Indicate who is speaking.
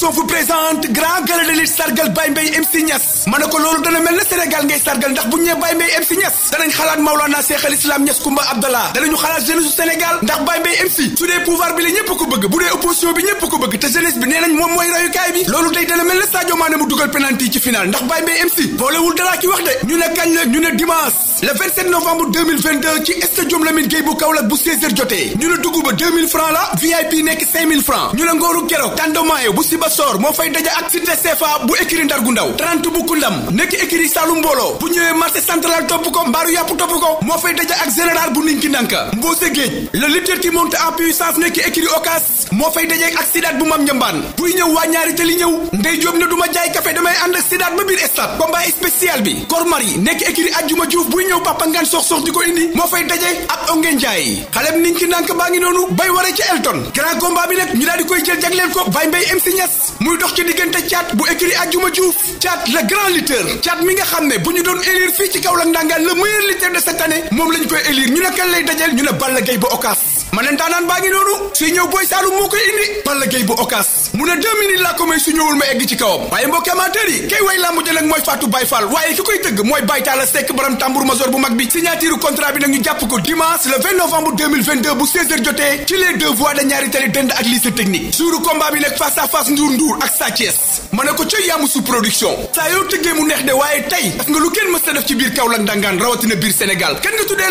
Speaker 1: production vous présente grand gala de lutte sargal Baye Mbaye MC Niass ma ne ko loolu dana mel na Sénégal ngay sargal ndax buñ ñee Baye Mbaye MC Niass danañ xalaat Maulana Cheikh al Islam Niass Kumba Abdallah danañu xalaat jeunesse su Sénégal ndax Baye Mbaye MC dee la ñëpp ko bu dee bu Kaolack jotee ñu ne dugg francs la VIP nekk francs ñu ne ngooru keroog tàndomaayo bu Sibassor moo fay daja ak Cité CFA bu écurie Ndar ndaw 30 bu Koundam nekk écurie Saloum mbooloo bu ñëwee marché central topp ko mbaaru yàpp topp ko moo fay daja ak général bu Ninki Nanka Mbose Géej le leader qui monte en saaf nekk écrit okas moo fay dajeek ak sidaat bu mam njambaan buy ñëw waa ñaari li ñëw ndey jóob ne duma jaay café damay ànd ak sidaat ba biir stade combat spécial bi kormar yi nekk écrit ajjuma juuf buy ñëw papa ngaan sox sox di ko indi moo fay daje ak onge njaay xalem niñ ci nànk baa ngi noonu bay waree ci elton grand combat bi nag ñu daal di koy jël jagleel ko bay mbay MC Niass muy dox ci diggante caat bu écrit ajjuma juuf chat le grand lutteur caat mi nga xam ne bu ñu doon élire fii ci kaw la ndangaan le meilleur lutteur de cette année moom lañ koy élire ñu ne kan lay dajeel ñu ne Balla gay ba okas manentaa naan baa ngi noonu suy ñëw boy saalum moo koy indi Balla Gaye bu okas mun ne deux minutes laa ko may su ñëwul ma egg ci kawam waaye mbokki amateur yi kay way làmb ja mooy Fatou Baye Fall waaye ki koy tëgg mooy Baye Talla Seck borom tambour major bu mag jotee ci les deux voies ñaari télé dënd ak lycée technique suuru combat bi nag face à nduur nduur ak Sa Thiès ma ne ko ca Yamoussoukro production saa yoo tëggee mu neex de waaye tey daf nga lu kenn mës a def ci biir Kaolack ndangaan rawatina biir Sénégal kenn nga tuddee